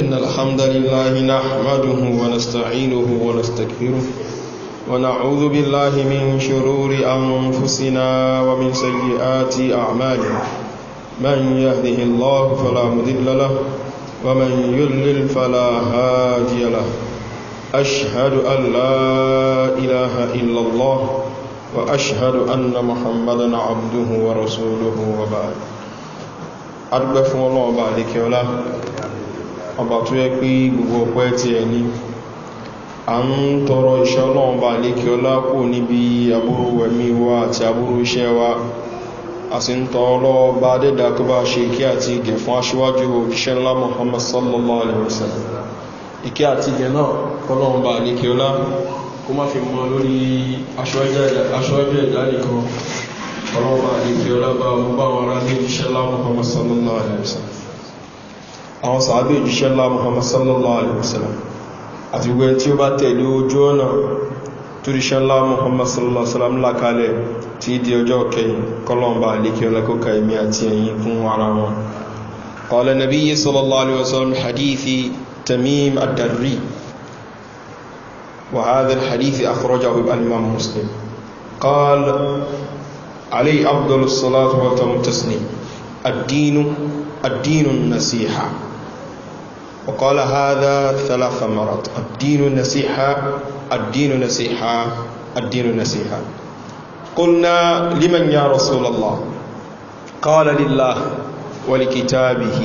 إن الحمد لله نحمده ونستعينه ونستكفره ونعوذ بالله من شرور أنفسنا ومن سيئات أعمالنا من يهده الله فلا مذل له ومن يلل فلا هادي له أشهد أن لا إله إلا الله وأشهد أن محمدا عبده ورسوله وبعد أربف الله بعدك ولا ọba tó yẹ pé gbogbo ọpẹ́ ti ẹ̀ ní a ń tọrọ iṣẹ́ ọlọ́run bá lékè ọlá kò níbi aburú ẹ̀mí wa àti aburú iṣẹ́ wa a sì ń tọrọ bá dẹ́dà kó bá ṣe kí àti ìgẹ̀ fún aṣíwájú òjíṣẹ́ ńlá muhammad sallallahu alaihi wasallam ìkẹ́ àti ìgẹ̀ náà kọ́lọ́run bá lékè ọlá kó má fi mọ́ lórí aṣíwájú ẹ̀dá nìkan kọ́lọ́run bá lékè ọlá muhammad sallallahu alaihi wasallam àwọn sàábé òjíṣẹ́ lá muhammad sallallahu alaihi wasallam àti gbé tí ó bá tẹ̀lé ojú ọ̀nà tó ríṣẹ́ lá muhammad sallallahu alaihi wasallam lákalẹ̀ tí di ọjọ́ kẹyìn kọlọmbà alékẹ́ ọlọ́kọ́kà èmì àti ẹ̀yìn kún ara wọn kọlẹ̀ nàbí yí sallallahu alaihi wasallam hadithi tamim adarri وهذا الحديث أخرجه الإمام مسلم قال عليه أفضل الصلاة والتسليم الدين الدين النصيحة وقال هذا ثلاث مرات الدين النصيحة الدين النصيحة الدين النصيحة قلنا لمن يا رسول الله قال لله ولكتابه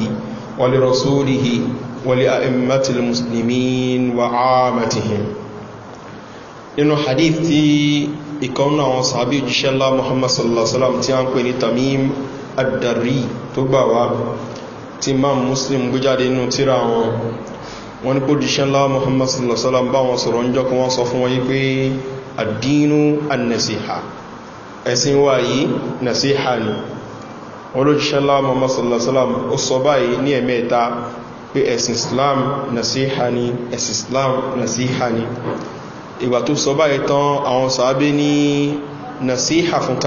ولرسوله ولأئمة المسلمين وعامتهم إنه حديث إكونا àwọn sàábí الله محمد صلى الله عليه وسلم tí a ń pè ní tí imam muslim gbé jáde inú tíra wọn wọn ni pòdíṣẹ́ ńlá muhammad sallallahu alaihi wasallam bá wọn sọ̀rọ̀ ń jọkùn wọn sọ fún wọn yí pé àdínú annasiha ẹ̀sìn wà yìí nasiha ni olójíṣẹ́ ńlá muhammad sallallahu alaihi wasallam ó sọ báyìí ní ẹ̀mẹ́ta pé ẹ̀sìn islam nasiha ni ẹ̀sìn islam nasiha ni ìgbà tó sọ báyìí tán àwọn nasiha fún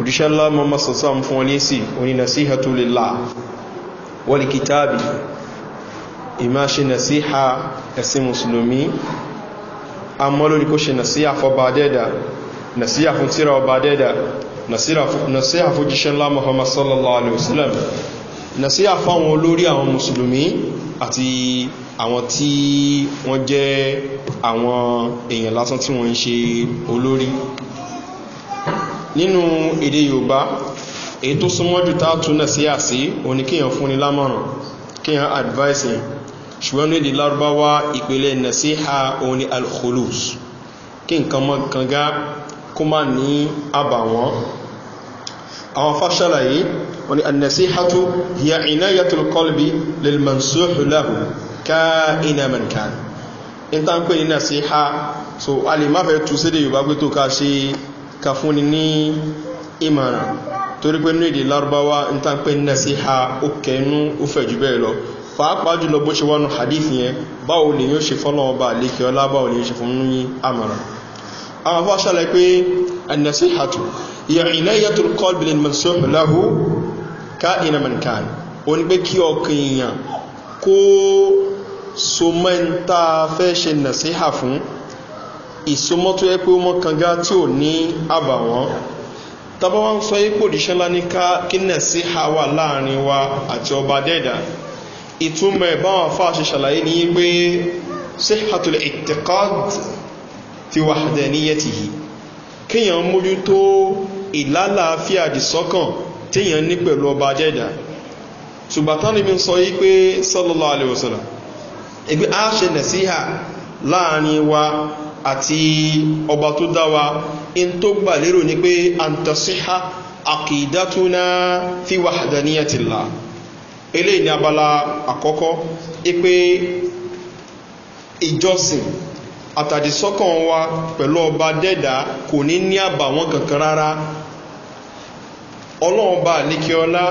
òdíṣẹ́ ńlá mọ́má sọ̀sán fún ọlẹ́sì onínà sí hàtúlélà wọ́lì kìtàbì ìmá ṣe nà sí ha ẹ̀sìn musulmi a mọ́ lórí kó ṣe nà sí àfọba dẹ́dà nà sí àfún tíra ọba dẹ́dà nà sí àfújíṣẹ́ ńlá mọ́má sallallahu alaihi wasallam nà sí àwọn èèyàn lásán tí wọ́n ń ṣe olórí nínú èdè yorùbá èyí tó súnmọ́jú tá túnà sí àsí òní kíyàn fúnni lámọ̀ràn kíyàn advice ṣùgbọ́n ní èdè lárúbáwá ìpele nàṣíhà òní alkholus kí nǹkan mọ́ kanga kó má ní àbàwọ́n àwọn fásàlà yìí òní annasíhàtú ya iná yàtọ̀ kọlbi lilmansuhulahu ká iná mẹ́nkan in ta ń pè ní nàṣíhà so a lè má tú sí èdè yorùbá pé tó ká ṣe ka fúnni ní ìmọ̀ràn torí pé ní èdè lárúbáwá ń tán pé ní sí ha ó kẹnu ó fẹ̀ jù bẹ́ẹ̀ lọ pàápàá jùlọ bó ṣe wá nù hadith yẹn báwo lè yóò ṣe fọ́nà ọba àlékè ọlá báwo lè yóò ṣe fún ní àmọ̀ràn àwọn afọ́ aṣálẹ̀ pé ẹ̀nẹ̀sí hàtù ìrìnlẹ̀ yẹtù kọ́lbìlì mọ̀sọ́ọ̀mù láhù ká ìnà mọ̀nkàn ó ní pé kí ọkàn èèyàn kó so mẹ́ta fẹ́ ṣe nà sí fún ìsomọ́ tó yẹ pé ó mọ́ kanga tí ò ní àbàwọ́n tábà wá ń sọ yí pòdíṣẹ́ ńlá ní ká kí nẹ̀ sí ha wà láàrin wa àti ọba dẹ́ẹ̀dà ìtumọ̀ ìbáwọn afáà ṣe ṣàlàyé ní pé síhàtò ìtẹ̀kọ́d fi wà dẹ̀ níyẹ ti yìí kíyàn mójútó ìlàlàáfíà dìsọ́kàn tíyàn ní pẹ̀lú ọba dẹ́ẹ̀dà ṣùgbàtán ni mi sọ àti ọba tó dáwa in tó gbà lérò ní pé àǹtàṣíhá àkìdátúná fi wàhàdà ní ẹ̀tìlá eléyìí ní abala àkọ́kọ́ ipé ìjọsìn àtàdìsọ́kàn wa pẹ̀lú ọba dẹ́dà kò ní ní àbàwọn kankan rárá ọlọ́ọba níkẹ́ọlá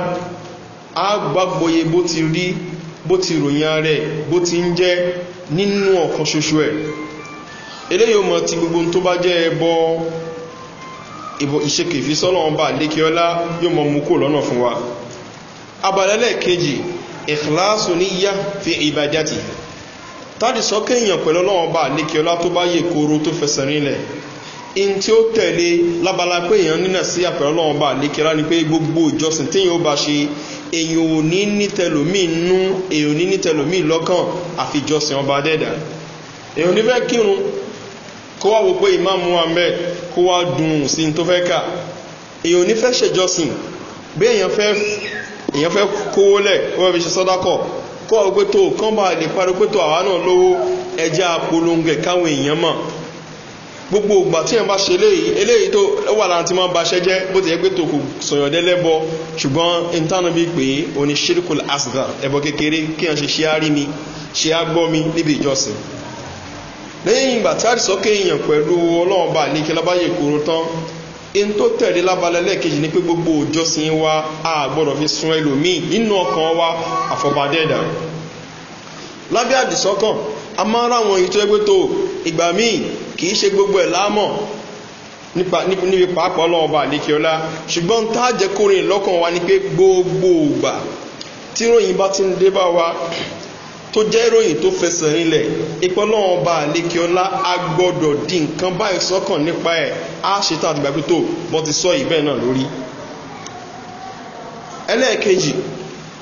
a gbàgbóye bó ti rí bó ti ròyìn rẹ̀ bó ti ń jẹ́ nínú ọ̀kan ṣoṣo ẹ̀ eléyìí mọ̀ ti gbogbo tó bá jẹ́ ẹbọ ìbò ìṣekè ìfisọ́nà ọba lékeọlá yóò mọ̀ mú kò lọ́nà fún wa abalẹ́lẹ̀ kejì ìkìláàsù ní yá fi ìbàjáti tàbí sọ́kẹ́ èèyàn pẹ̀lú ọlọ́run ọba lékeọlá tó bá yẹ kóró tó fẹsẹ̀ rinlẹ̀ in tí ó tẹ̀lé lábala pé èèyàn nínà sí àpẹẹrẹ ọlọ́run ọba lékeọlá ni pé gbogbo ìjọsìn téèyàn ó bá ṣe èèyàn ò ní nítẹlòmíì nú èèyàn ò ní nítẹlòmíì lọ́kàn àfijọsìn ọba dẹ́dà èèyàn ò ní fẹ́ kírun kó wá wo pé imam muhammed kó wá dùn sí tó fẹ́ kà èèyàn onífẹ́ ṣèjọsìn bí èèyàn fẹ́ èèyàn fẹ́ kówó lẹ̀ kó wá fi ṣe sọ́dákọ̀ kó wá wo pé tó kán bá lè parí pé tó àwa náà lówó ẹjẹ́ apolongo ẹ̀ káwọn èèyàn mọ̀ gbogbo ògbà tí èèyàn bá ṣe eléyìí tó wà lára tí wọ́n bá ṣẹ́ jẹ́ bó ti yẹ pé tó kò sọ̀yàn dẹ́lẹ́bọ ṣùgbọ́n ìtànà bíi pé oní ṣírkùl asgar ẹ̀bọ kékeré kí wọ́n ṣe ṣe á rí mi ṣe á gbọ́ mi níbi ìjọsìn lẹ́yìn ìgbà tí àdìsọ́kè èèyàn pẹ̀lú ọlọ́run bá ní kí lábáyé kúrò tán in tó tẹ̀lé lábalẹ̀ lẹ́ẹ̀kejì ni pé gbogbo òjọsìn wa a gbọ́dọ̀ fi sun ẹlòmíì nínú ọkàn wa àfọ̀bàdẹ́ẹ̀dà lábẹ́ àdìsọ́kàn a máa ń ráwọn èyí tó ẹgbẹ́ tó ìgbà míì kì í ṣe gbogbo ẹ̀ láàmọ̀ níbi pàápàá ọlọ́run bá ṣùgbọ́n tá a jẹ́ kórìn lọ́kàn wa ni pé gbogbo ògbà tíròyìn bá ti ń dé bá wa tó jẹ́ ìròyìn tó fẹsẹ̀ rinlẹ̀ ìpọ́nlọ́wọ́n bá àlékè ọlá a gbọ́dọ̀ di nǹkan báyìí sọ́kàn nípa ẹ̀ á ṣe tá àdìgbà pé tó bọ́ ti sọ ìbẹ́ẹ̀ náà lórí. ẹlẹ́ẹ̀kejì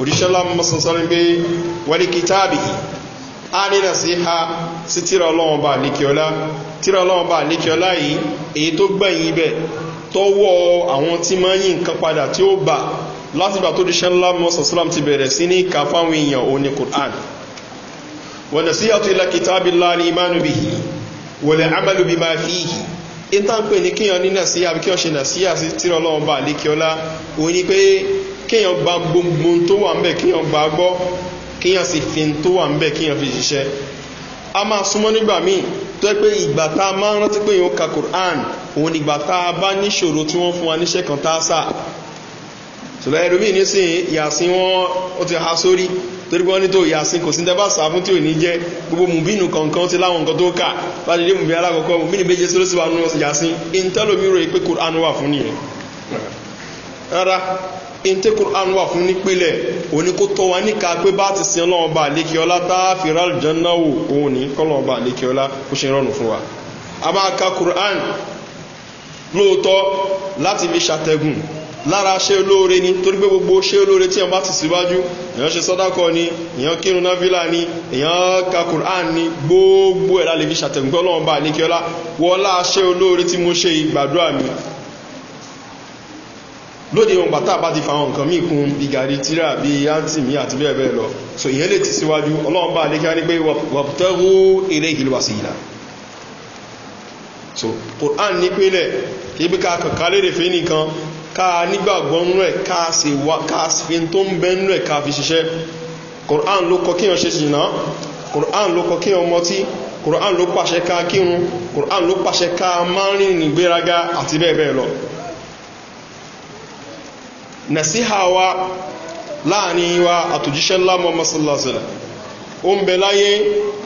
òdíṣẹ́ ńlá mọ́sán sáré pé wọlé kìtàbì á nínà sí ha sí tíra ọlọ́wọ́n bá àlékè ọlá tíra ọlọ́wọ́n bá àlékè ọlá yìí èyí tó gbẹ̀yìn ibẹ̀ tọ́wọ́ àwọn tí máa ń yí nǹkan padà tí ó bà látìgbà tó díṣẹ́ ńlá mọ́sán sáré ti bẹ̀rẹ̀ sí ní ìka fáwọn èèyàn òní kùrán wọ̀nàsíyàtò ilẹ̀ kìtàbí láàrin ìmánu bí i wọ̀lẹ̀ amẹ́lú bí máa fi yìí ìtàn pè ní kíyàn ní nàsíyà bí kíyàn ṣe nàsíyà sí tíra ọlọ́run bá lékiọlá òun ni pé kíyàn gba gbogbo tó wà ń bẹ̀ kíyàn gba gbọ́ kíyàn sì fi tó wà ń bẹ̀ kíyàn fi ṣiṣẹ́ a máa súnmọ́ nígbà míì tó pé ìgbà tá a máa ń rántí pé yóò ka quran òun nígbà tá a bá níṣòro tí wọ́n fún wa níṣẹ́ kan tá a sà ṣùgbọ́n ẹlòmíì nísìnyí yàsí wọn ó ti ha sórí torí wọ́n ní tó yàsín kò sí tẹ́ bá sàá fún tí ò ní jẹ́ gbogbo mùbínú kọ̀ọ̀kan ti láwọn nǹkan tó kà bá ti dé mùbín alákọ̀ọ́kọ́ mùbínú méje sóló sí wa nù yàsín ìntẹ́lómi rò pé kùránù wà fún nìyẹn rárá ìntẹ́ kùránù wà fún nípìnlẹ̀ òní kó tọ́ wa níka pé bá ti sin ọlọ́run bá lékeọlá tá a fi rálù jẹ́ wò òun ní kọ́lọ́run bá lékeọlá kó ṣe rọrùn fún wa a máa ka kùránù lóòótọ́ láti fi ṣàtẹ̀gùn lára ṣe olóore ni torí pé gbogbo ṣe olóore tí wọ́n bá ti síwájú èyàn ṣe sọ́dákọ ni èyàn kírun náfílà ni èyàn ka quran ni gbogbo ẹ̀dá lè fi ṣàtẹ̀gbọ́ lọ́wọ́n bá níkíọ́lá wọ́lá ṣe olóore tí mo ṣe ìgbàdúrà mi lóde ìwọ̀n bàtà bá ti fa àwọn nǹkan míì kún bí gàrí tíra bí áńtì mi àti bẹ́ẹ̀ bẹ́ẹ̀ lọ so ìyẹn lè ti síwájú ọlọ́run bá àlékí wá ní pé wọ̀pútẹ́rù eré ìlú ìlà so quran ní pínlẹ̀ kí bí ká kàkà lérè fẹ́ nìkan ká nígbàgbọ́ nú ẹ̀ ká sì wá ká fi tó ń bẹ́ nú ẹ̀ ká fi ṣiṣẹ́ quran ló kọ kíyàn ṣe jìnnà quran ló kọ kíyàn mọtí quran ló pàṣẹ ká kírun quran ló pàṣẹ ká máa rìn ní gbéraga àti bẹ́ẹ̀ bẹ́ẹ̀ lọ nàṣíhà wa láàrin wa àtòjíṣẹ́ ńlá mọ́ ó ń bẹ láyé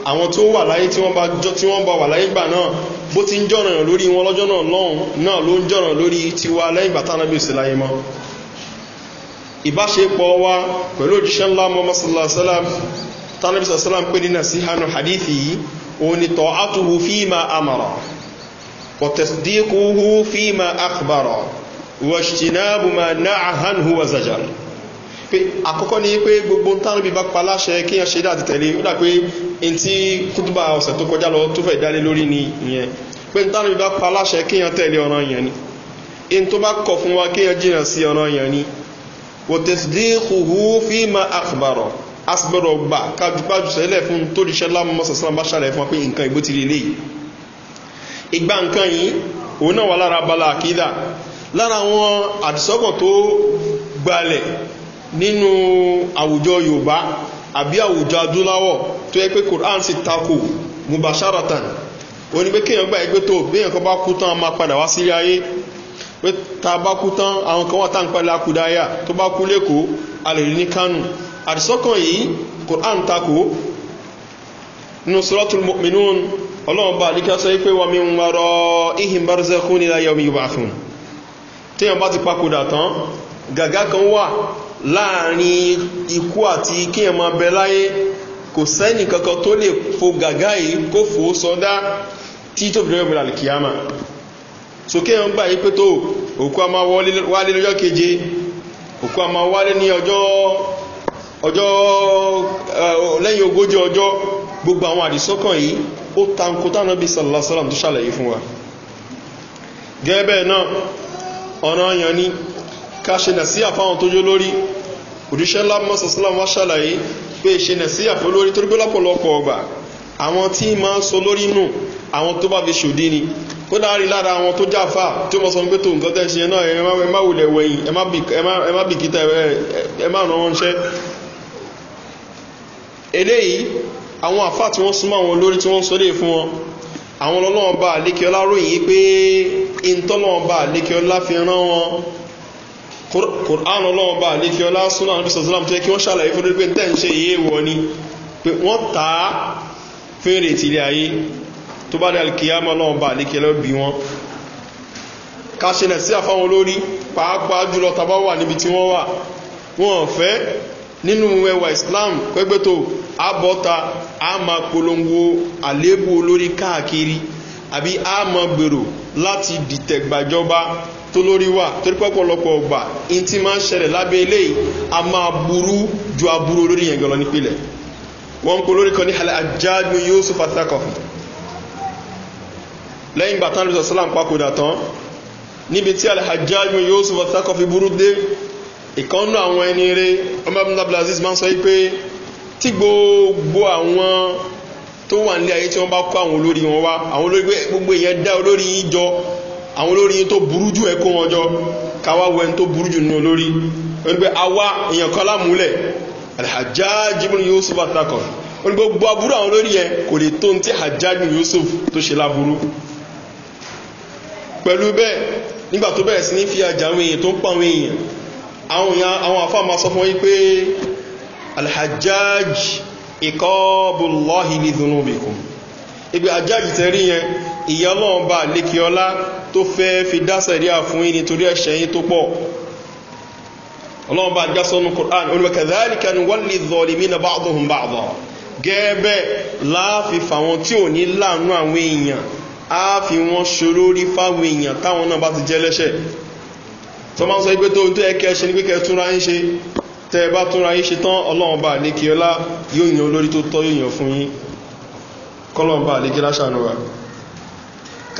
àwọn tó wà láyé tí wọ́n bá wà láyé gbà náà bó ti ń jọ̀ràn lórí wọn lọ́jọ́ náà lọ́hùn náà ló ń jọ̀ràn lórí tiwa lẹ́yìn gbà tánà bèsè láyé mọ́ ìbáṣepọ̀ wa pẹ̀lú òjíṣẹ́ ńlá mọ́mọ́ sàlám tánà bèsè sàlám pé nínà pé àkọ́kọ́ ní pé gbogbo táwọn ibi bá pa láṣẹ kí yẹn ṣe dáàtì tẹ̀lé ó dà pé n tí kútùbà ọ̀sẹ̀ tó kọjá lọ tó fẹ̀ dálé lórí ni ìyẹn pé táwọn ibi bá pa láṣẹ kí yẹn tẹ̀lé ọ̀ràn yẹn ni n tó bá kọ̀ fún wa kí yẹn jìnnà sí ọ̀ràn yẹn ni wòtẹ́sídì kùhù fíìmà àkùbàrọ̀ asibọ̀rọ̀ gbà kájúpájú sẹ́lẹ̀ fún tó di sẹ́lá mọ́sàsán bá ṣàlẹ̀ fún wa pé nínú àwùjọ yorùbá àbí àwùjọ adúláwọ̀ tó yẹ pé koran sì takò mubasharatan o ní pé kéèyàn gbà ẹgbẹ́ tó béèyàn kan bá kú tán a máa padà wá sílé ayé pé ta bá kú tán àwọn kan wà tá n pẹ́lẹ́ akudaya tó bá kú lẹ́kọ̀ọ́ a lè rí ní kánù àdìsọ́kàn yìí koran takò nínú sọ́lọ́tún mọ́mìnú ọlọ́run bá ní ayọ̀ mi yorùbá gàgá kan wà láàrin ikú àti kí ẹ máa bẹ láyé kò sẹ́ni kankan tó lè fo gàgá yìí kó fò ó sọdá tí tó fi dẹ́gbẹ̀rẹ̀ alìkìyàmà sókè ẹ̀ ń gbà a máa wálé lọ́jọ́ keje òkú a máa wálé ní ọjọ́ lẹ́yìn ogójì ọjọ́ gbogbo àwọn àdìsọ́kàn yìí ó tanko tánà bí sàlásàlám tó ṣàlàyé fún wa gẹ́gẹ́ bẹ́ẹ̀ náà ọ̀nà ọyàn ni ká ṣe nà sí àfáwọn tó jó lórí òdíṣẹ́ ńlá mọ́sàsílám wá ṣàlàyé pé ṣe nà sí àfọ́ lórí torí pé lọ́pọ̀lọpọ̀ ọgbà àwọn tí máa ń so lórí nù àwọn tó bá fi ṣòdí ni kó dárí lára àwọn tó jáfa tí ó mọ̀ sọ pé tó nǹkan tẹ́ ṣe náà ẹ má wulẹ̀ wẹ̀yìn ẹ má bìkítà ẹ má ràn wọ́n ṣẹ́ eléyìí àwọn àfá tí wọ́n súnmọ́ àwọn olórí tí wọ́n sọ́lé fún wọn àwọn ọlọ́wọ́n bá àlékẹ́ ròyìn pé ìntọ́lọ́wọ́n bá àlékẹ́ fi rán wọn Qur'an ọlọ́run bá àlékí ọlá súnà ní bísọ̀ sọ́lá tó yẹ kí wọ́n ṣàlàyé fún pé tẹ́ ń ṣe iye wọ ni pé wọ́n ta á fèrè ìtìlẹ̀ ayé tó bá dé alkiyama ọlọ́run bá àlékí ọlọ́ bí islam pẹ́gbẹ́tò àbọ́ta a ma polongo àlébù olórí káàkiri àbí a ma gbèrò láti dìtẹ̀gbàjọba tó lórí wà torí pọ́pọ̀lọpọ̀ ọgbà in ti máa ń ṣẹlẹ̀ lábẹ́ eléyìí a máa burú ju aburú olórí yẹn gan lọ nípìnlẹ̀ wọ́n ń kó lórí kan ní ajáàdù yusuf atakọ̀fù lẹ́yìn ìgbà tán lùsọ̀ sálàm papòdà tán níbi tí ajáàdù yusuf atakọ̀fù burú dé ìkànnù àwọn ẹni eré ọmọ abúlé abdulaziz máa ń sọ wípé tí gbogbo àwọn tó wà nílé ayé tí wọ́n bá kó àwọn olórí wọn wá àwọn olórí gbogbo èèyàn dá olórí yín jọ àwọn olórí yìí tó burú jù ẹ kó wọn jọ káwá wọ ẹni tó burú jù nínú olórí wọn pé awa èèyàn kan lámúlẹ̀ alhajjaj yusuf atakọ̀ wọn gbogbo aburú àwọn olórí yẹn kò lè tó ní ti hajjaj yusuf tó ṣe láburú pẹ̀lú bẹ́ẹ̀ nígbà tó bẹ̀rẹ̀ sí ní fi àjà àwọn èèyàn tó ń pa àwọn èèyàn àwọn ibi àjájì tẹ́rí yẹn ìyá ọlọ́run bá lékè tó fẹ́ fi dásẹ̀ rí àfún yìí nítorí ẹ̀ṣẹ̀ yìí tó pọ̀ ọlọ́run bá já sọ́nù quran onímọ̀kàdáríkà ni wọ́n lè zọ̀lì mí náà bá ọdún bá ọdún gẹ́ẹ̀bẹ̀ láàfífà wọn tí ò ní láàánú àwọn èèyàn á fi wọn ṣolórí fáwọn èèyàn táwọn náà bá ti jẹ́ lẹ́ṣẹ̀ tó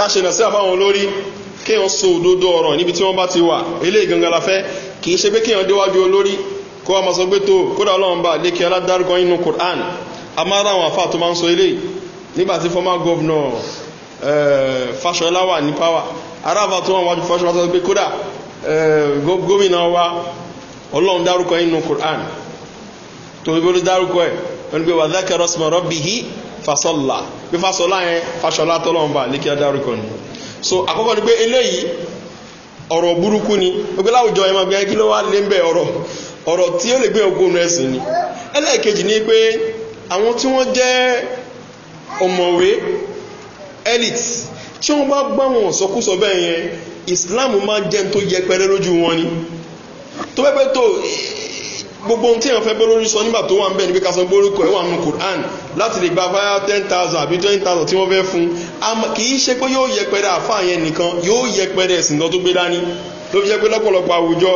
káṣe nà sí àfáwọn olórí kéèyàn so òdodo ọ̀rọ̀ níbi tí wọ́n bá ti wà eléyìí gangan la fẹ́ kì í ṣe pé kéèyàn déwájú olórí kó wa máa sọ pé tó kódà ọlọ́run bá lékè aládárúkọ inú quran a máa ráwọn àfáà tó máa ń sọ eléyìí nígbà tí former governor eh, fàṣọlá wà ní power aráàfà tó wọn wájú fàṣọlá sọ pé kódà eh, gómìnà wa ọlọ́run dárúkọ inú quran tó ibi ló dárúkọ ẹ̀ wọ́n gbé wà fasọ́là bí fasọ́là yẹn fasọ́là tọ́lọ́mbà ní kí á dárúkọ ni so àkọ́kọ́ ni pé eléyìí ọ̀rọ̀ burúkú ni gbogbo láwùjọ ẹ̀mọ́ gbé kí ló wá lé ń bẹ ọ̀rọ̀ ọ̀rọ̀ tí ó lè gbé òkú òun ẹ̀sìn ni ẹlẹ́ẹ̀kejì ni pé àwọn tí wọ́n jẹ́ ọ̀mọ̀wé elite tí wọ́n bá gbá wọn sọkúsọ bẹ́ẹ̀ yẹn islam máa jẹ́ tó yẹpẹrẹ lójú wọn ni tó pẹ́pẹ́ tó gbogbo ohun tí èèyàn fẹ́ gbólórí sọ nígbà tó wà ń bẹ̀ níbi ká sọ gbórúkọ ẹ̀ nù quran láti lè gba fáyà ten thousand àbí twenty thousand tí wọ́n fẹ́ fún kì í ṣe pé yóò yẹpẹrẹ àfáà yẹn nìkan yóò yẹpẹrẹ ẹ̀sìn lọ tó gbé dání ló fi jẹ́ pé lọ́pọ̀lọpọ̀ àwùjọ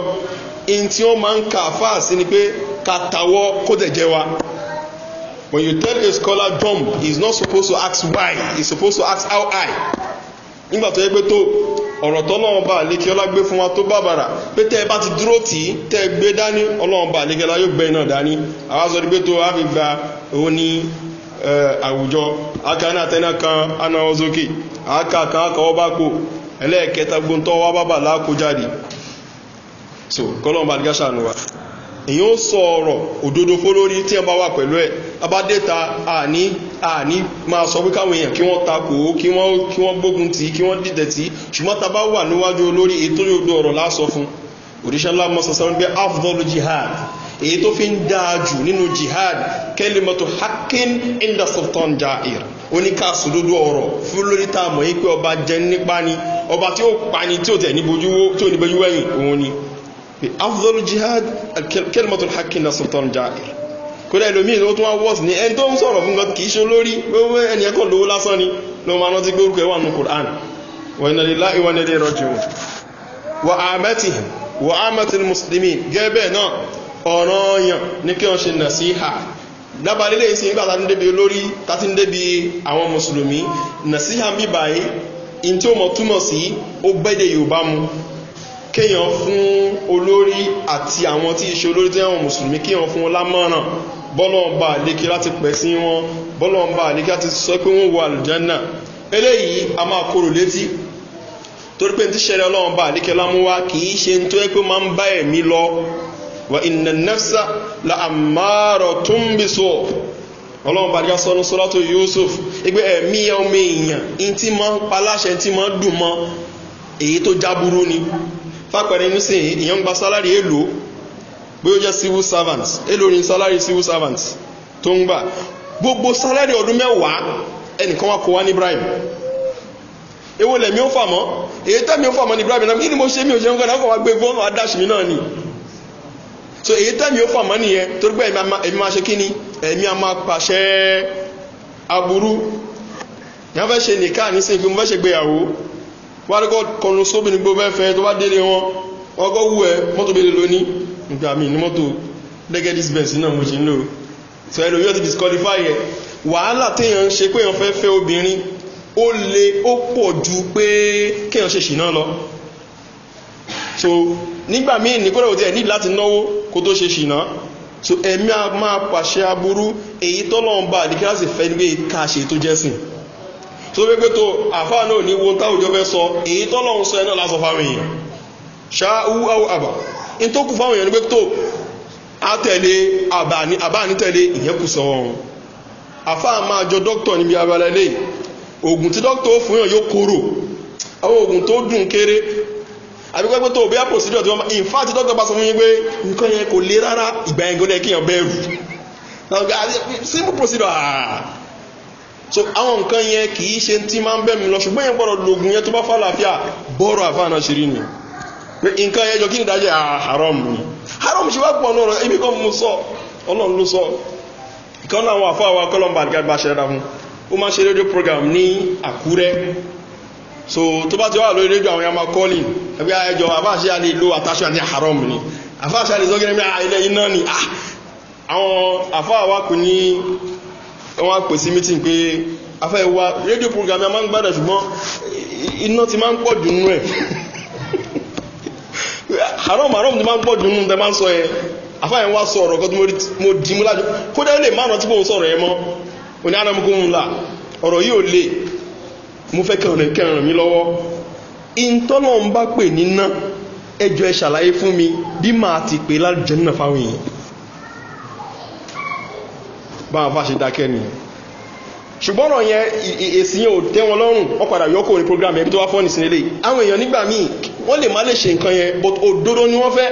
in tí wọ́n máa ń ka àfáà sí ni pé ká kó tẹ̀ jẹ́ wa when you tell a scholar jump he is not supposed to ask why he is supposed to ask how high nígbà tó yẹ pé tó ọ̀rọ̀ tọ́lọ́ọ̀bà lékè ọlá gbé fún wa tó bàbàrà pé tẹ́ ẹ bá ti dúró tì í tẹ́ ẹ gbé dání ọlọ́ọ̀bà lékè ọlá yóò gbẹ iná dání àwọn sọ pé tó a fi gba òun ní àwùjọ aka náà tẹ́ná kan aná wọn sókè aka kan aka wọn bá kó ẹlẹ́ẹ̀kẹta gbóntọ́ wa jáde so lékè ṣàánú wa. èyí ó sọ ọ̀rọ̀ òdodo fó lórí tí ẹ bá wà pẹ̀lú ẹ̀ abádẹ́ta àní àní máa sọ pé káwọn èèyàn kí wọ́n takò ó kí wọ́n gbógun tí kí wọ́n dìtẹ̀ tí ṣùgbọ́n ta bá wà níwájú olórí èyí tó ọ̀rọ̀ lásọ fún òdíṣẹ́ ńlá mọ́ sọ́sọ́ pé afdol jihad èyí tó fi ń dáa jù nínú jihad kẹ́lẹ́mọ́tò hakin inda sultan jair oníkà sòdodo ọ̀rọ̀ fún lórí tá a pé ọba jẹ́ nípa ni ọba tí ó pa ni tí ò tẹ̀ níbojú wẹ́yìn òun ni pé afdol jihad kẹlmọtò hakina sultan jair kódà ẹlòmíì ló tún wá wọ́ọ̀sì ní ẹni tó ń sọ̀rọ̀ fún gan kìí ṣe olórí wíwé ẹni ẹ̀kọ́ lówó lásán ni ló máa rántí pé orúkọ ẹwà nù kùrán wọ́n iná lè láì wọ́n lè rọ́jù wọn. wà á mẹ́tì wà á mẹ́tì mùsùlùmí gẹ́gẹ́ náà ọ̀ràn ọ̀yàn ní kí wọ́n ṣe nà sí ha dábàá lílé ìsìn nígbà tá ti ń débi olórí tá ti ń débi àwọn mùsùlùmí nà sí ha bíbáyé ìntí ó mọ̀ túmọ̀ sí ó gbẹ́dẹ̀ yorùbá mu kéèyàn fún olórí àti àwọn tí ìṣe olórí tí àwọn mùsùlùmí kéèyàn fún wọn lámọ̀ràn bọ́lọ̀ọ̀bà àlékí láti pẹ̀ sí wọn bọ́lọ̀ọ̀bà àlékí láti sọ pé wọ́n wà àlùjánà eléyìí a máa kóró létí torí pé ní tíṣẹ́rẹ́ ọlọ́ọ̀bà àlékí lámúwá kìí ṣe tó pé máa ń bá ẹ̀mí lọ wà ìnà nẹ́fṣà la àmàrọ̀ tó ń bí sọ ọlọ́ọ̀bà àlékí sọ́nù sọ́látò yusuf ẹgbẹ́ ẹ̀mí ọmọ èèyàn in tí máa ń paláṣẹ tí máa ń dùn mọ́ èyí tó jáburú ni fápẹ̀rẹ̀ inú sí ìyẹn ń gba sálárì èlò bí ó jẹ́ civil servant èlò ní sálárì civil servant tó ń gbà gbogbo salari ọdún mẹ́wàá ẹnìkan wá kó wá ní bribe èwo lẹ̀mí ó fàmọ́ èyí tẹ́mi ó fàmọ́ ní bribe náà kí ni mo ṣe mi ò ṣe ń gbọ́dọ̀ ọkọ̀ wá gbé fún mi náà ni so èyí tẹ́mi ó fàmọ́ nìyẹn torí pé èmi máa ṣe kí ni èmi máa pàṣẹ aburú ìyá fẹ́ ṣe nìkan nísìnyí pé mo wọ́n adékọ́ kọlu sóbìnrin gbó fẹ́ fẹ́ tó bá délé wọn ọgọ́ wù ẹ mọ́tò bèèrè lóní nígbà míì ní mọ́tò gẹ́gẹ́ disbẹ̀nsì náà mo ṣe ń lò sọ ẹ lórí ó ti disqualify ẹ wàhálà téèyàn ń ṣe pé èèyàn fẹ́ fẹ́ obìnrin ó le ó pọ̀ ju pé kéèyàn ṣe ṣìnà lọ so nígbà míì ní kódà òtí ẹ̀ nídìí láti náwó kó tó ṣe ṣìnà so ẹ̀mí a máa pàṣẹ aburú èyí tọ́lọ́run bá àdìkíláàsì fẹ́ nígbè ká ṣe tó jẹ́sìn tó wé pé tó na náà ní wo táwùjọ sọ èyí tọ́lọ̀ ń sọ ẹ̀nà lásọ fáwọn èèyàn ṣááú àwọ̀ àbà in tó kù fáwọn èèyàn ní pé tó àtẹ̀lé àbá nítẹ̀lé ìyẹ́kù sọ wọn máa jọ dókítọ̀ níbi abala ilé oògùn tí dókítọ̀ ó fún yàn yóò kóró àwọn oògùn tó dùn kéré pé tó bí tí máa dókítọ̀ bá sọ fún yín pé nǹkan yẹn kò rárá so àwọn nǹkan yẹn kì í ṣe tí máa ń bẹ̀mí lọ ṣùgbọ́n yẹn gbọ́dọ̀ lògùn yẹn tó bá fàlàáfíà bọ́ọ̀rọ̀ àfáàná ṣe rí ni pé nǹkan yẹn jọ kí ni dájẹ́ haram ni haram ṣe wá pọ̀ náà ibi kan mú sọ ọlọ́run sọ ìkan náà àwọn àfáà wa kọ́lọ́mbà àdìgbà ṣe dáadáa fún ó máa ṣe rédíò program ní àkúrẹ́ so tó bá ti wà lórí rédíò àwọn yàrá máa ẹgbẹ́ ẹjọ́ lo àtàṣe ni àfáàṣe àlè sọ́gẹ́rẹ́ mi ilẹ̀ ni àwọn àfáà wa kò ní wọ́n pè sí mítìn pé afẹ́ wa rédíò program ya máa ń gbádà ṣùgbọ́n iná ti máa ń pọ̀ jù nú ẹ̀ haram haram ti máa ń pọ̀ jù nú tẹ máa ń sọ ẹ afáyẹn wá sọ ọ̀rọ̀ kan tí mo dì mú lájú kódà ó lè má rántí pé òun sọ̀rọ̀ ẹ mọ́ òní anamukun ńlá ọ̀rọ̀ yìí ò lè mo fẹ́ kẹrin kẹrin mi lọ́wọ́ báwọn fà ṣe dákẹ́ ni ṣùgbọ́n ọ̀rọ̀ yẹn èsì yẹn ò tẹ́ wọn lọ́rùn wọ́n padà yọ kúrò ní program yẹn bí tó wá fọ́ọ̀nì sílẹ̀ àwọn èèyàn nígbà míì wọ́n lè má lè ṣe nǹkan yẹn but òdodo ni wọ́n fẹ́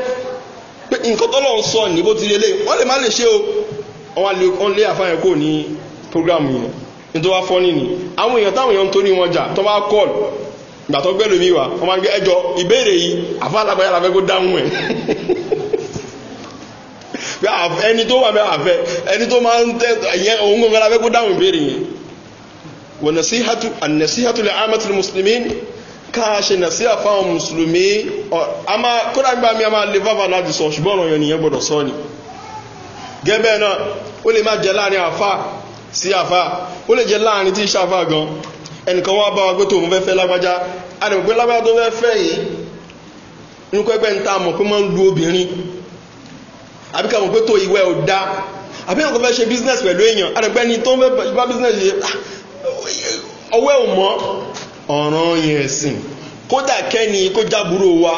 pé nǹkan tọ́lọ̀ ń sọ ní bó ti lélẹ̀ wọ́n lè má lè ṣe o wọ́n lé àfáyẹ̀ kúrò ní program yẹn ní tó wá fọ́ọ̀nì ni àwọn èèyàn táwọn èèyàn ń torí wọn jà tó bá call ìgbà tó gbẹ́lòmíwà wọ́n máa ń gbé ẹjọ́ ìbéèrè yìí àfáà lágbàáyà láfẹ́ kó dáhùn ẹ̀ pé ẹni tó wà bẹ́ àfẹ́ ẹni tó máa ń tẹ́ ẹ̀yẹn òun gbogbo la fẹ́ kó dáhùn ìbéèrè yẹn wọ̀n nasíhàtú ànàsíhàtú lè amatul mùsùlùmí ká ṣe nàsíhà fáwọn mùsùlùmí àmà kódà nígbà mi àmà lè fáfà láti sọ ṣùgbọ́n ọ̀rọ̀ yẹn gbọ́dọ̀ sọ ni gẹ́gẹ́ náà ó lè má jẹ láàrin àfà sí àfà ó lè jẹ láàrin tí ìṣàfà gan ẹnìkan wá bá wa pé tòun fẹ́ fẹ́ lágbájá a lè mọ̀ pé lágbájá tó fẹ́ fẹ́ yìí nínú pẹ́pẹ́ ń ta mọ̀ pé máa ń lu obìnrin àbí ká mọ̀ pé tó ìwẹ́ ò dá àbí nǹkan fẹ́ ṣe business pẹ̀lú èèyàn àrẹ̀gbẹ́ni tó ń fẹ́ bá business ṣe ah, ọwẹ́ ò mọ́ ọ̀ràn yẹn ẹ̀sìn kódà kẹ́ni kó jábúrò wa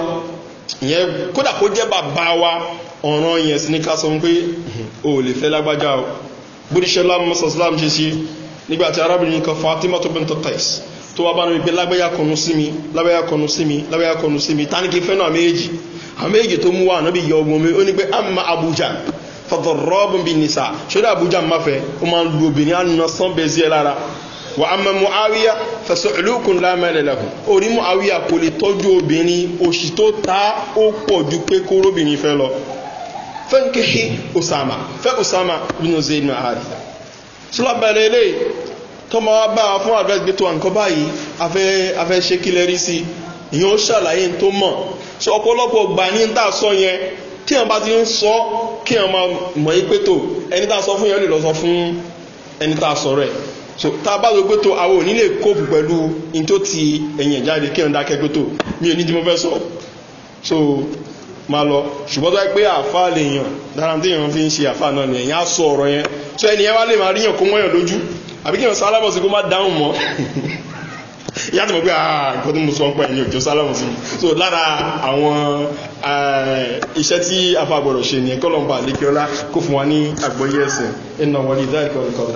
ìyẹn kódà kó jẹ́ bàbá wa ọ̀ràn yẹn ẹ̀sìn ní ká sọ pé hmm, o ò lè fẹ́ lágbájá o bóríṣẹ́ lámúsọ̀sílám ṣe ṣe nígbàtí arábìnrin kan fatima tó bẹ́ntọ́ kais tó wá bá ní wípé lágbáyà kọnu sí mi lágbáyà kọnu sí mi lágbáyà kọnu sí mi tá fẹ́ náà méjì àwọn méjì tó mú wá ànábì yọ ogun omi ó ní pé amma abuja fọ̀tọ̀rọ́bùn bí nìsà ṣọ́dá abuja máfẹ́ ó máa ń lu obìnrin àná sán bẹ́ẹ̀ sí ẹ lára wà á mọ muawiya fẹsọ ìlúkùn lámẹ́lẹ́lẹ́kùn orí muawiya kò lè tọ́jú obìnrin òṣì tó ta ó pọ̀ ju pé kóróbìnrin fẹ́ lọ fẹ́ǹkẹ́hí osama fẹ́ osama bínú zayn mahari sọlábẹ̀rẹ̀ eléyìí tọ́mọ wa bá wa fún àdúrà gbé tó à ń kọ́ báyìí afẹ́ afẹ́ ṣe kílẹ̀rí sí i ìyẹn ó ṣàlàyé tó mọ̀ ṣe ọ̀pọ̀lọpọ̀ gbà ní tá a sọ yẹn tí wọn bá ti ń sọ kí wọn máa mọ̀ yí pé tó ẹni tá a sọ fún yẹn lè lọ sọ fún ẹni tá a sọ rẹ̀ so tá a bá lọ pé tó àwọn òní lè kóòpù pẹ̀lú in tó ti ẹ̀yìn jáde kí wọn dákẹ́ pé tó mi ò ní tí mo fẹ́ sọ so máa lọ ṣùgbọ́n tó yẹ pé àfa lè yàn dára tí èèyàn fi ń ṣe àfa náà ni èèyàn á sọ ọ̀rọ̀ yẹn so ẹni yẹn wá lè máa ríyàn kó mọ́yàn lójú àbí kí wọn sọ alábọ̀sí kó má dáhùn mọ́ ìyá tó mọ̀ pé ah, nǹkan tó mú sọ ń pẹ́ òjò sálọ́mù sí so lára àwọn eh, iṣẹ́ tí afa gbọ́dọ̀ ṣe ní ẹ̀kọ́ lọ́nba àlékiọlá kó fún wa ní àgbọ́yé ẹ̀sìn iná wọlé ìdá ẹ̀kọ́ ẹ̀kọ́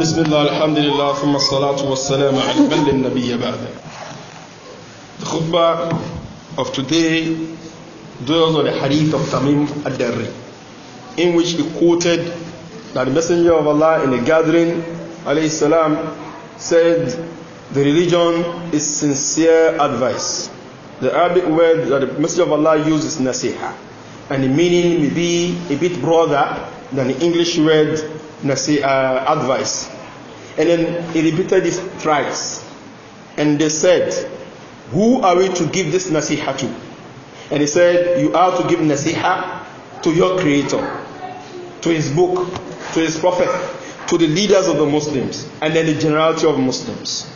بسم الله الحمد لله ثم الصلاة والسلام على من النبي بعد The khutbah of today dwells on the hadith of Tamim ad-Darri in which he quoted that the messenger of Allah in a gathering alayhi salam said the religion is sincere advice the Arabic word that the messenger of Allah used is nasiha and the meaning may be a bit broader than the English word nasiha advice and then he repeated this thrice and they said who are we to give this nasiha to And he said, You have to give nasiha to your creator, to his book, to his prophet, to the leaders of the Muslims, and then the generality of Muslims.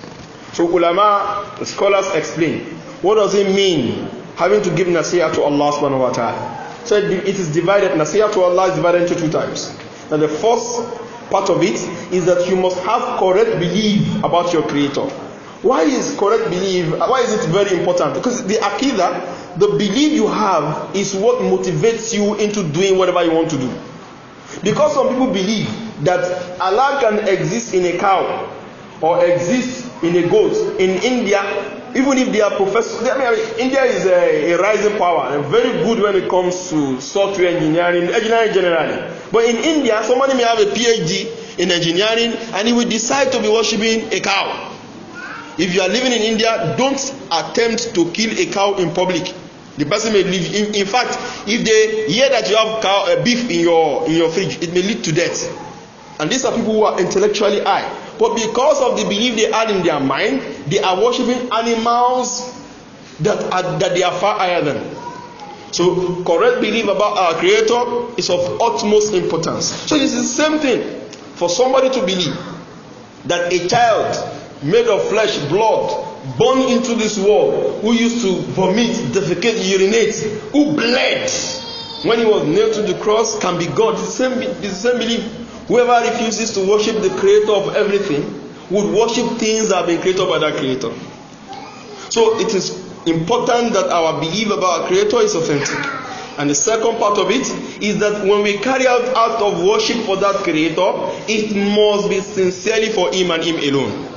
So ulama, the scholars explain, what does it mean having to give nasiha to Allah subhanahu wa ta'ala? So it is divided, nasiha to Allah is divided into two types. Now the first part of it is that you must have correct belief about your creator. Why is correct belief, why is it very important? Because the akidah the belief you have is what motivates you into doing whatever you want to do because some people believe that allah can exist in a cow or exist in a goat in india even if they are professors I mean, india is a, a rising power and very good when it comes to software engineering engineering generally but in india somebody may have a phd in engineering and he will decide to be worshiping a cow if you are living in india don't attempt to kill a cow in public the person may leave in, in fact if they hear that you have cow uh, beef in your in your fridge it may lead to death and these are people who are intellectually high but because of the belief they had in their mind they are worshiping animals that are that they are far higher than so correct belief about our creator is of utmost importance so it is the same thing for somebody to believe that a child made of flesh, blood, born into this world, who used to vomit, defecate, urinate, who bled when he was nailed to the cross, can be God. The same, the same belief. Whoever refuses to worship the creator of everything would worship things that have been created by that creator. So it is important that our belief about our creator is authentic. And the second part of it is that when we carry out act of worship for that creator, it must be sincerely for him and him alone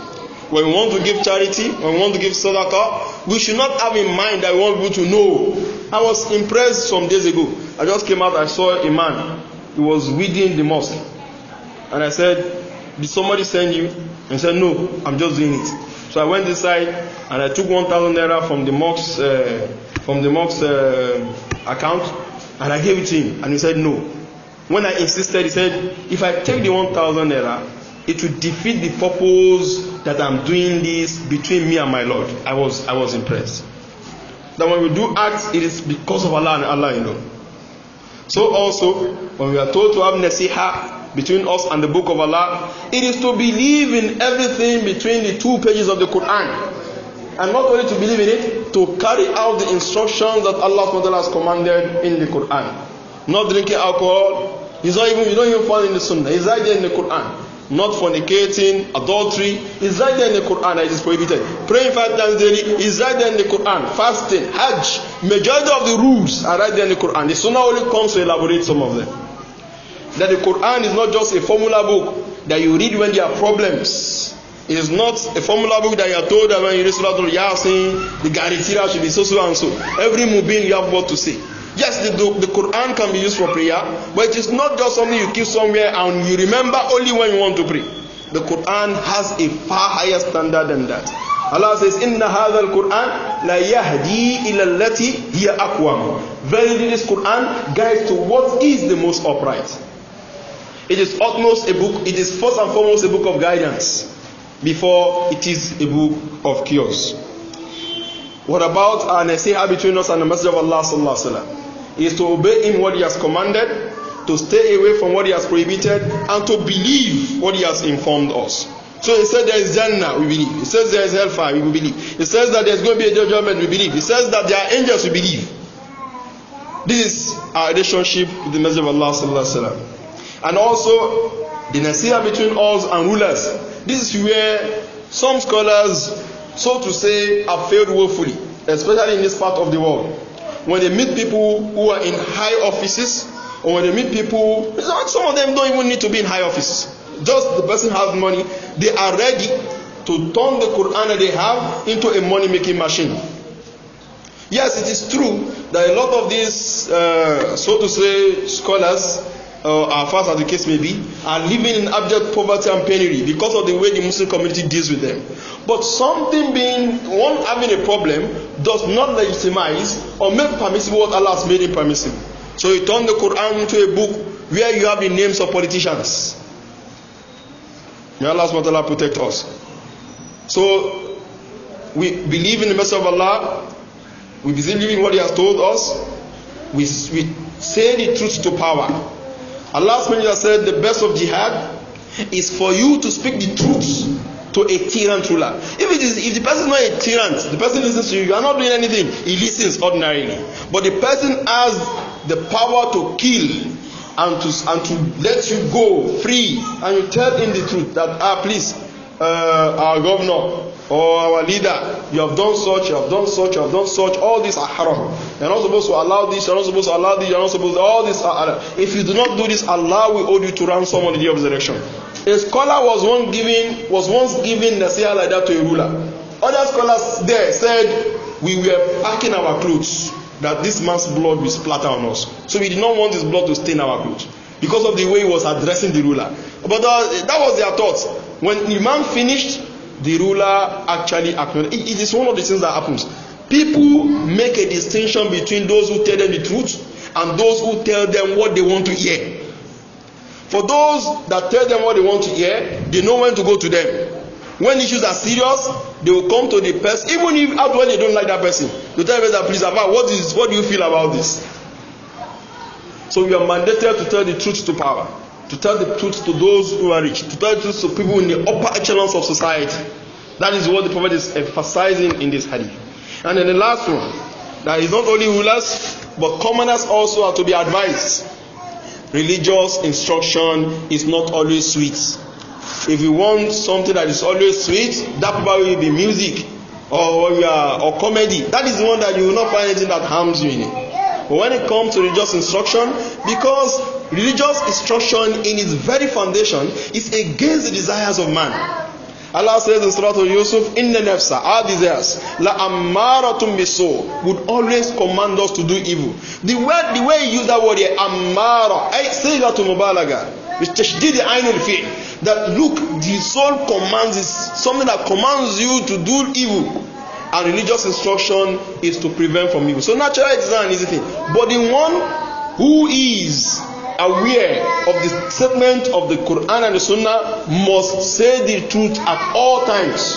when we want to give charity, when we want to give sadaqah, we should not have in mind that we want people to know. I was impressed some days ago. I just came out, I saw a man. He was weeding the mosque. And I said, Did somebody send you? And he said, No, I'm just doing it. So I went inside and I took one thousand naira from the mosque, uh, from the mosque uh, account and I gave it to him. And he said, No. When I insisted, he said, If I take the one thousand naira, it will defeat the purpose that I'm doing this between me and my Lord. I was I was impressed. That when we do acts, it is because of Allah and Allah, you know. So also, when we are told to have nasiha between us and the book of Allah, it is to believe in everything between the two pages of the Quran. And not only to believe in it, to carry out the instructions that Allah has commanded in the Quran. Not drinking alcohol. he's not even, you don't even fall in the Sunnah. he's right there in the Quran not fornicating, adultery. Is that in the Quran It is prohibited? Praying five times daily. Is that in the Quran? Fasting, Hajj. Majority of the rules are right there in the Quran. The Sunnah only comes to elaborate some of them. That the Quran is not just a formula book that you read when there are problems. It is not a formula book that you are told that when you read Surah Yasin, the Garitira should be so so and so. Every Mubin you have what to say. Yes, the, the, the Quran can be used for prayer, but it is not just something you keep somewhere and you remember only when you want to pray. The Quran has a far higher standard than that. Allah says, Inna hadha al-Quran la yahdi ila allati hiya aqwam. Verily this Quran guides to what is the most upright. It is utmost a book, it is first and foremost a book of guidance before it is a book of cures. What about our nasiha between us and the Messenger of Allah sallallahu alaihi wasallam? is to obey him what he has commanded, to stay away from what he has prohibited, and to believe what he has informed us. So he said there is Jannah, we believe. He says there is hellfire, we believe. He says that there's going to be a judgment, we believe. He says that there are angels, we believe. This is our relationship with the Messenger of Allah. Sallallahu alaihi wasallam, and also the Nasir between us and rulers. This is where some scholars, so to say, have failed woefully, especially in this part of the world when they meet people who are in high offices, or when they meet people, some of them don't even need to be in high offices. Just the person has money, they are ready to turn the Quran that they have into a money making machine. Yes, it is true that a lot of these, uh, so to say, scholars uh, our fast as the case may be, are living in abject poverty and penury because of the way the Muslim community deals with them. But something being, one having a problem does not legitimize or make permissible what Allah has made it permissible. So you turn the Quran into a book where you have the names of politicians. May Allah SWT protect us. So we believe in the message of Allah, we believe in what He has told us, we, we say the truth to power. Allah subhanahu said the best of jihad is for you to speak the truth to a tyrant ruler. If it is if the person is not a tyrant, the person listens to you, you are not doing anything, he listens ordinarily. But the person has the power to kill and to and to let you go free and you tell him the truth that ah please uh, our governor or our leader, you have done such, you have done such, you have done such, all these are haram. You're not supposed to allow this, you're not supposed to allow this, you're not supposed to, all these are haram. If you do not do this, Allah will hold you to ransom on the day of resurrection. A scholar was once giving, was once giving nasiha like that to a ruler. Other scholars there said, we were packing our clothes, that this man's blood will splatter on us. So we did not want his blood to stain our clothes because of the way he was addressing the ruler. But that, uh, that was their thought. When the man finished, the ruler actually acknowledge it, it is one of the things that happens people make a distinction between those who tell them the truth and those who tell them what they want to hear for those that tell them what they want to hear they know when to go to them when issues are serious they will come to the person even if after when they don't like that person they tell the person please about what is what do you feel about this so we are mandated to tell the truth to power to tell the truth to those who are rich, to tell the truth to people in the upper echelons of society. That is what the Prophet is emphasizing in this hadith. And then the last one, that is not only rulers, but commoners also are to be advised. Religious instruction is not always sweet. If you want something that is always sweet, that probably will be music or, or, or comedy. That is the one that you will not find anything that harms you in it. But when it comes to religious instruction, because religious instruction in its very foundation is against the desires of man. Allah says in Surah Yusuf, In the nafsa, our desires, la ammaratum biso, would always command us to do evil. The way the way he use that word here, ammara, ay sigatu mubalaga, which tashdid ainul fi'l, that look, the soul commands is something that commands you to do evil and religious instruction is to prevent from evil. So naturally, it is not an easy thing. But the one who is aware of the statement of the Quran and the Sunnah must say the truth at all times,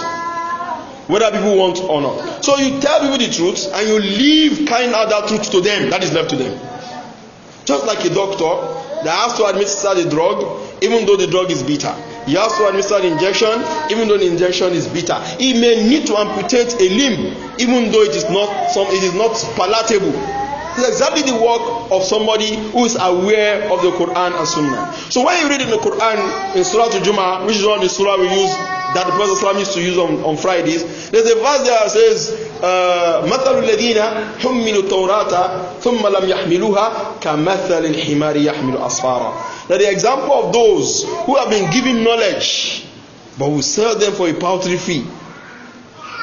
whether people want or not. So you tell people the truth and you leave kind of that truth to them. That is left to them. Just like a doctor that has to administer the drug, even though the drug is bitter You have to administer the injection, even though the injection is bitter. He may need to amputate a limb, even though it is not some it is not palatable. It's exactly the work of somebody who is aware of the Quran and Sunnah. So when you read in the Quran in Surah to Juma, which is one of the Surah we use that the Prophet ﷺ used to use on, on Fridays. There's a verse there that says, مثل الذين حملوا التوراة ثم لم يحملوها كمثل الحمار يحمل أسفارا. That the example of those who have been given knowledge but will sell them for a paltry fee.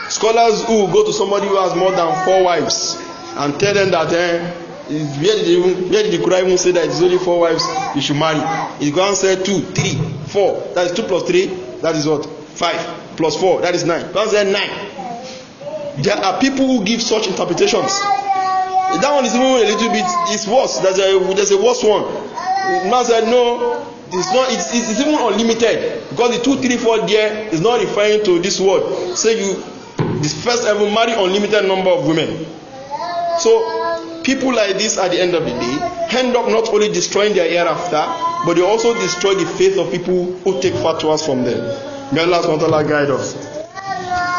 Scholars who go to somebody who has more than four wives and tell them that eh, where did even where did the Quran even say that it's only four wives you should marry? He go and say two, three, four. That is two plus three. That is what Five plus four, that is nine. That's nine. There are people who give such interpretations. That one is even a little bit, it's worse. There's a, there's a worse one. Man said, no, it's not, it's, it's even unlimited. Because the two, three, four there is not referring to this word. Say so you, this first ever marry unlimited number of women. So people like this at the end of the day end up not only destroying their hereafter, but they also destroy the faith of people who take fatwas from them. May Allah SWT guide us.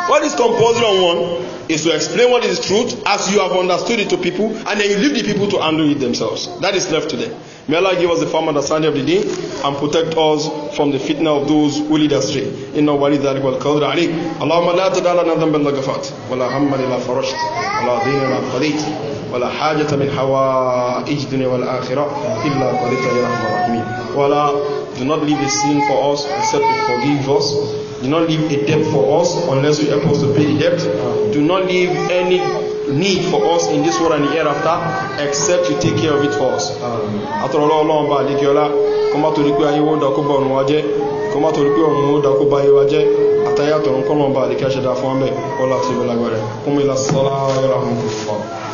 What is compulsory on one is to explain what is truth as you have understood it to people, and then you leave the people to handle it themselves. That is left to them. May Allah give us the firm understanding of the day and protect us from the fitna of those who lead astray. إِنَّ وَلِي ذَلِكَ وَالْقَدْرَ عَلِيكَ اللهم لا تدع لنا hamma لا farasht. ولا هما لا فرجت ولا دينا لا قضيت ولا حاجة من حوائج الدنيا والآخرة إلا قضيتها يا رحمة الرحمين ولا do not leave a sin for us except you forgive us do not leave a debt for us unless you help us to pay the debt do not leave any need for us in this world and the hereafter except you take care of it for us. àtọ̀rọ̀lọ́ ọlọ́run bá àdékíọlá kọ́ má torí pé ayé wọ́n dákó bá ọ̀run wa jẹ́ kọ́ má torí pé ọ̀run ó dákó bá ayé wa jẹ́ àtàyàtọ̀ ń kọ́ lọ́run bá àdékíọlá ṣẹ̀dá fún ọmọ ọlá tí ó lágbára kúmílá sọ́lá ọ̀rọ̀ àwọn olùkọ́.